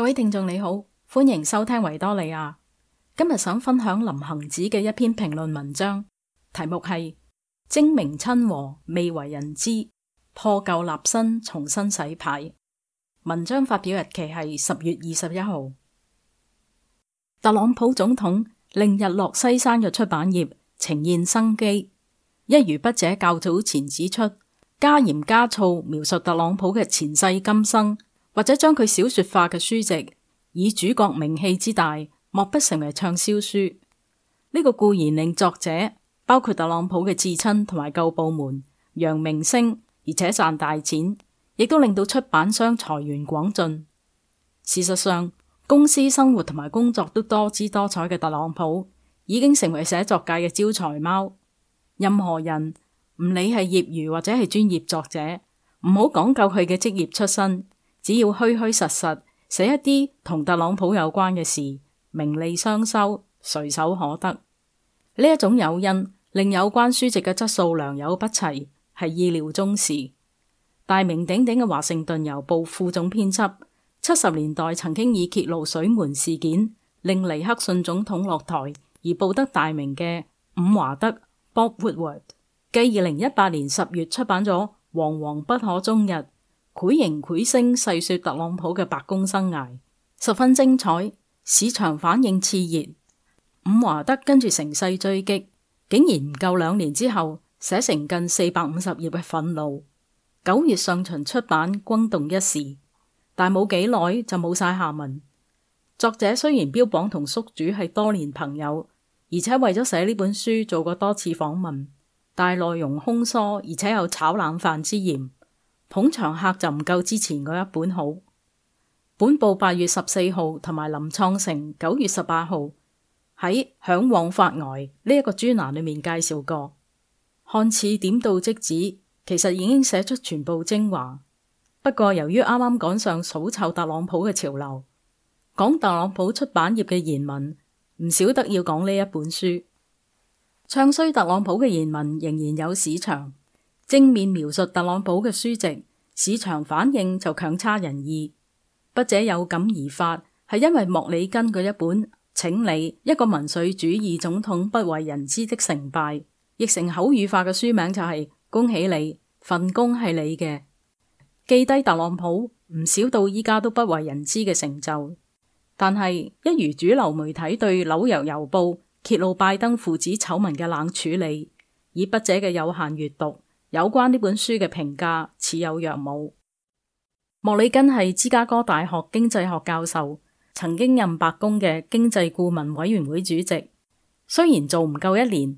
各位聽眾你好，歡迎收聽維多利亞。今日想分享林行止嘅一篇評論文章，題目係《精明親和未為人知，破舊立新重新洗牌》。文章發表日期係十月二十一號。特朗普總統令日落西山嘅出版業呈現生機，一如筆者較早前指出，加鹽加醋描述特朗普嘅前世今生。或者將佢小說化嘅書籍，以主角名氣之大，莫不成為暢銷書。呢、這個固然令作者，包括特朗普嘅至親同埋舊部門揚名聲，而且賺大錢，亦都令到出版商財源廣進。事實上，公司生活同埋工作都多姿多彩嘅特朗普已經成為寫作界嘅招財貓。任何人唔理係業餘或者係專業作者，唔好講究佢嘅職業出身。只要虛虛實實寫一啲同特朗普有關嘅事，名利雙收，隨手可得。呢一種誘因令有關書籍嘅質素良莠不齊，係意料中事。大名鼎鼎嘅華盛頓郵報副總編輯，七十年代曾經以揭露水門事件令尼克遜總統落台而報得大名嘅伍華德 Bob Woodward，繼二零一八年十月出版咗《惶惶不可終日》。繪形繪聲細說特朗普嘅白宮生涯，十分精彩，市場反應熾熱。伍華德跟住乘勢追擊，竟然唔夠兩年之後寫成近四百五十頁嘅憤怒，九月上旬出版，轟動一時。但冇幾耐就冇晒下文。作者雖然標榜同宿主係多年朋友，而且為咗寫呢本書做過多次訪問，但內容空疏，而且有炒冷飯之嫌。捧場客就唔夠之前嗰一本好。本報八月十四號同埋林創成九月十八號喺《向往發呆》呢、這、一個專欄裏面介紹過，看似點到即止，其實已經寫出全部精華。不過由於啱啱趕上數臭特朗普嘅潮流，講特朗普出版業嘅言文，唔少得要講呢一本書。唱衰特朗普嘅言文仍然有市場。正面描述特朗普嘅書籍市場反應就強差人意。筆者有感而發，係因為莫里根嗰一本《請你一個民粹主義總統不為人知的成敗》，譯成口語化嘅書名就係、是《恭喜你，份工係你嘅》，記低特朗普唔少到依家都不為人知嘅成就。但係一如主流媒體對《紐約郵報》揭露拜登父子醜聞嘅冷處理，以筆者嘅有限閱讀。有關呢本書嘅評價似有若無。莫里根係芝加哥大學經濟學教授，曾經任白宮嘅經濟顧問委員會主席。雖然做唔夠一年，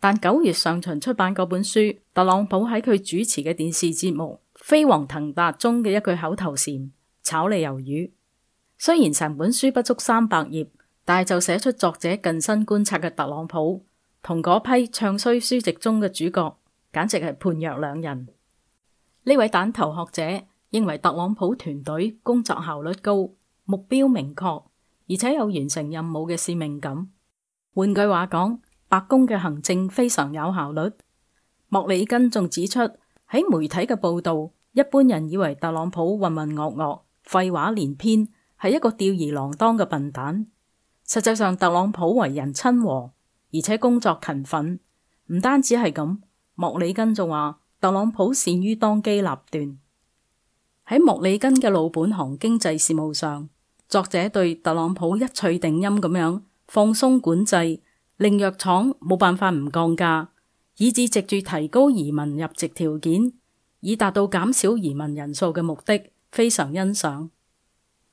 但九月上旬出版嗰本書《特朗普》喺佢主持嘅電視節目《飛黃騰達》中嘅一句口頭禪，炒你魷魚。雖然成本書不足三百頁，但係就寫出作者近身觀察嘅特朗普同嗰批唱衰書籍中嘅主角。簡直係判若兩人。呢位蛋頭學者認為特朗普團隊工作效率高，目標明確，而且有完成任務嘅使命感。換句話講，白宮嘅行政非常有效率。莫里根仲指出，喺媒體嘅報道，一般人以為特朗普渾渾噩噩、廢話連篇，係一個吊兒郎當嘅笨蛋。實際上，特朗普為人親和，而且工作勤奮。唔單止係咁。莫里根仲話：特朗普善於當機立斷，喺莫里根嘅老本行經濟事務上，作者對特朗普一錘定音咁樣放鬆管制，令藥廠冇辦法唔降價，以致藉住提高移民入籍條件，以達到減少移民人數嘅目的，非常欣賞。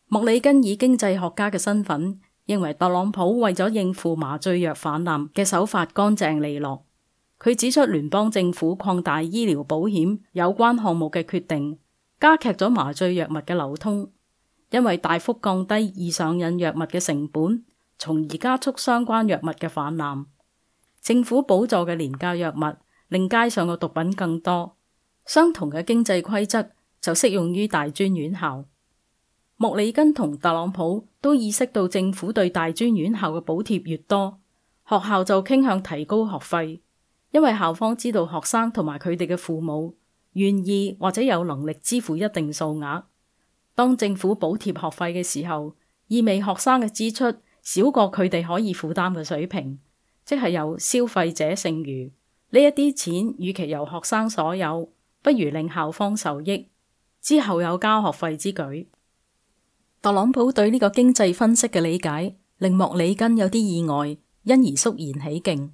莫里根以經濟學家嘅身份，認為特朗普為咗應付麻醉藥氾濫嘅手法乾淨利落。佢指出，聯邦政府擴大醫療保險有關項目嘅決定，加劇咗麻醉藥物嘅流通，因為大幅降低易上癮藥物嘅成本，從而加速相關藥物嘅泛濫。政府補助嘅廉價藥物令街上嘅毒品更多。相同嘅經濟規則就適用於大專院校。莫里根同特朗普都意識到，政府對大專院校嘅補貼越多，學校就傾向提高學費。因為校方知道學生同埋佢哋嘅父母願意或者有能力支付一定數額，當政府補貼學費嘅時候，意味學生嘅支出少過佢哋可以負擔嘅水平，即係有消費者剩餘。呢一啲錢與其由學生所有，不如令校方受益，之後有交學費之舉。特朗普對呢個經濟分析嘅理解，令莫里根有啲意外，因而肅然起敬。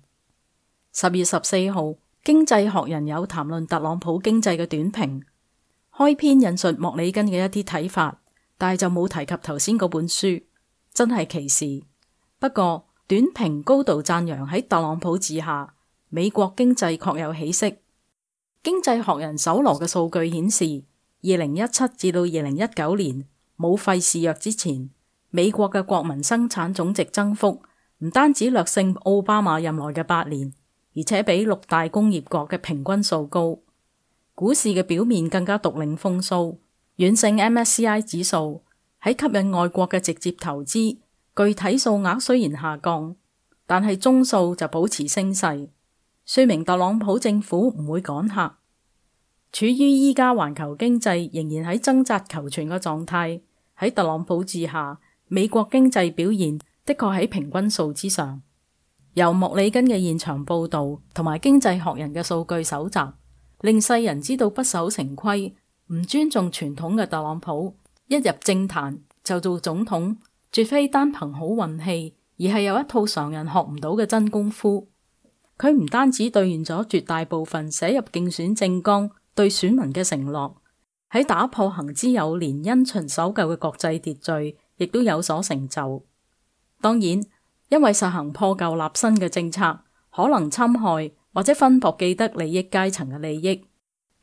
十月十四號，《經濟學人》有談論特朗普經濟嘅短評，開篇引述莫里根嘅一啲睇法，但係就冇提及頭先嗰本書，真係歧視。不過，短評高度讚揚喺特朗普治下美國經濟確有起色。《經濟學人》搜羅嘅數據顯示，二零一七至到二零一九年武肺肆虐之前，美國嘅國民生產總值增幅唔單止略勝奧巴馬任內嘅八年。而且比六大工業國嘅平均數高，股市嘅表面更加獨領風騷，遠勝 MSCI 指數。喺吸引外國嘅直接投資。具體數額雖然下降，但係中數就保持升勢，説明特朗普政府唔會趕客。處於依家環球經濟仍然喺掙扎求存嘅狀態，喺特朗普治下，美國經濟表現的確喺平均數之上。由莫里根嘅現場報道同埋《經濟學人》嘅數據搜集，令世人知道不守成規、唔尊重傳統嘅特朗普，一入政壇就做總統，絕非單憑好運氣，而係有一套常人學唔到嘅真功夫。佢唔單止兌現咗絕大部分寫入競選政綱對選民嘅承諾，喺打破行之有年因循守舊嘅國際秩序，亦都有所成就。當然，因為實行破舊立新嘅政策，可能侵害或者分薄既得利益階層嘅利益。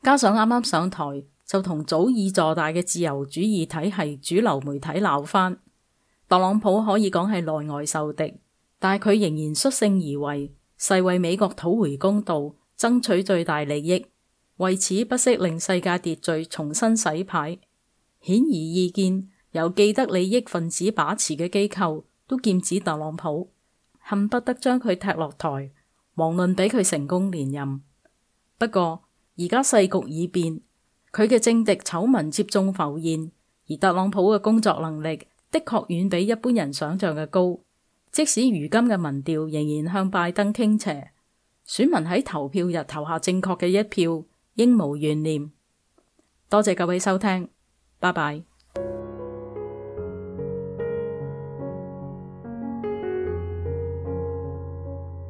加上啱啱上台就同早已坐大嘅自由主義體係主流媒體鬧翻，特朗普可以講係內外受敵，但佢仍然率性而為，誓為美國討回公道，爭取最大利益，為此不惜令世界秩序重新洗牌。顯而易見，由既得利益分子把持嘅機構。都劍指特朗普，恨不得將佢踢落台，遑論俾佢成功連任。不過而家世局已變，佢嘅政敵醜聞接踵浮現，而特朗普嘅工作能力的確遠比一般人想象嘅高。即使如今嘅民調仍然向拜登傾斜，選民喺投票日投下正確嘅一票，應無懸念。多謝各位收聽，拜拜。